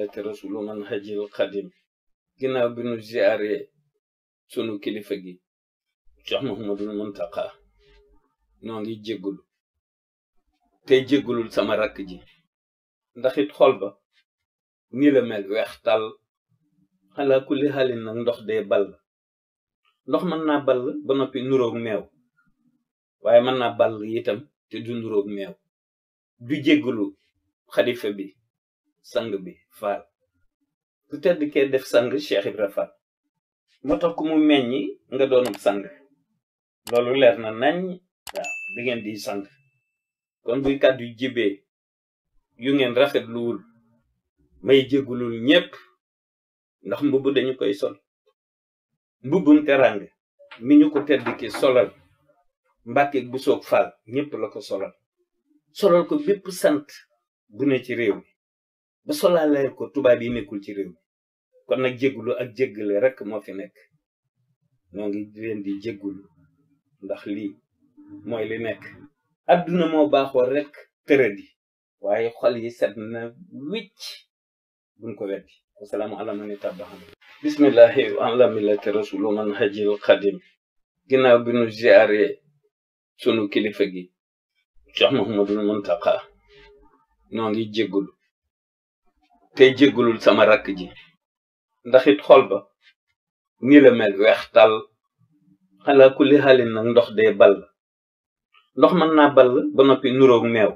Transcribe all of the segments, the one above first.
ak rasulu manhajil xadim ginnaaw bi nu ziare sunu kilifa gi Cheikh Muhammadul Muntaqa noo ngi jéggulu tey jéggulul sama rakk ji ndax it xol ba ni la mel weex tàll xalaa ndox dee ball ndox mën naa ball ba noppi nuroog meew waaye mën na bal itam te du nuroog meew du jéggulu xalifa bi sang bi faal ku tedd kee def sang Cheikh Ibra Fall moo tax ku mu meññi nga doonam sang loolu leer na nañ waaw di ngeen di sang kon buy kàddu yu jibee yu ngeen rafetluwul may jégulul ñépp ndax mbubu dañu koy sol mbubbum teranga mi ñu tedd ki solal Mbàkke bu soog faal ñépp la ko solal ko bépp sant bu ne ci réew mi ba solaalee ko tubaab yi nekkul ci réew mi kon nag jéggulu ak jéggale rek moo fi nekk ñoo ngi leen di jéggulu ndax lii mooy li nekk adduna moo baaxoo rek tëradi waaye xol yi set na wicc buñ ko weddi wasalaamu ala man ittaba'a bismillahi wa ala rasulu man hajil xadim ginnaaw bi nu ziare sunu kilifa gi Cheikh Mouhamadoul Mountakha ñoo ngi jéggulu tey jéggalul sama rakk ji ndax it xol ba ni la mel weex tàll xalaa kulli xaalin ndox dee ball ndox mën naa ball ba noppi nuroog meew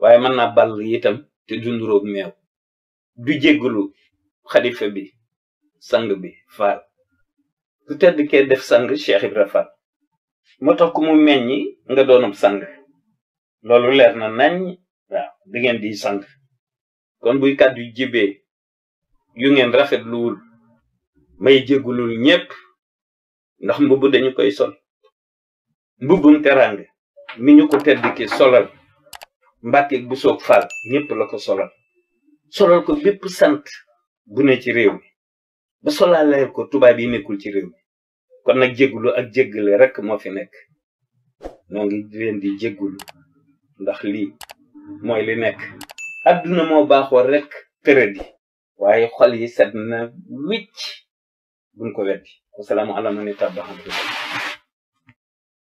waaye mën naa ball itam te du nuroog meew du jéggalu xalifa bi sang bi faal su tedd kee def sang Cheikh Ibra Fall moo tax nga doonam sang loolu leer na nañ waaw di ngeen di sang kon buy kàddu yu jibee yu ngeen rafetluwul may jéggulul ñépp ndax mbubb dañu koy sol mbubbum teraanga mi ñu tedd ki solal mbàkkeeg bu soog faal ñépp la ko solal solal ko bépp sant bu ne ci réew mi ba solaaleel ko tubaab yi nekkul ci réew mi kon nag jéggulu ak jéggale rekk moo fi nekk noo leen di jéggulu ndax lii mooy li nekk adduna moo rekk rek tëradi waaye xol yi sedd na wicc buñ ko weddi wasalaamu ala man ittaba'a